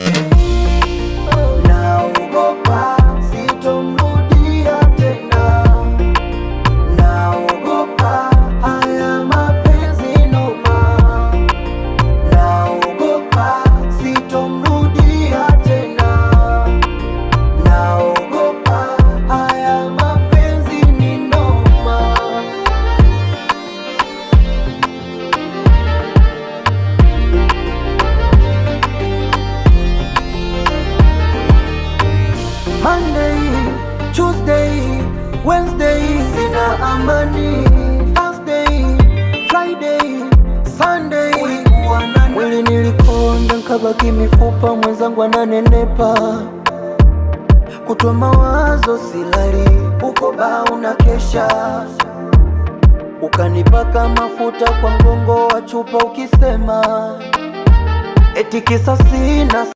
thank you Monday, Tuesday, Wednesday, sina amani. Thursday, Friday, Sunday, ulikuwa nani? Mwili nilikonda nkabaki mifupa, mwenzangu ananenepa kutwa mawazo silali, uko baa unakesha, ukanipaka mafuta kwa mgongo wa chupa ukisema eti kisa sina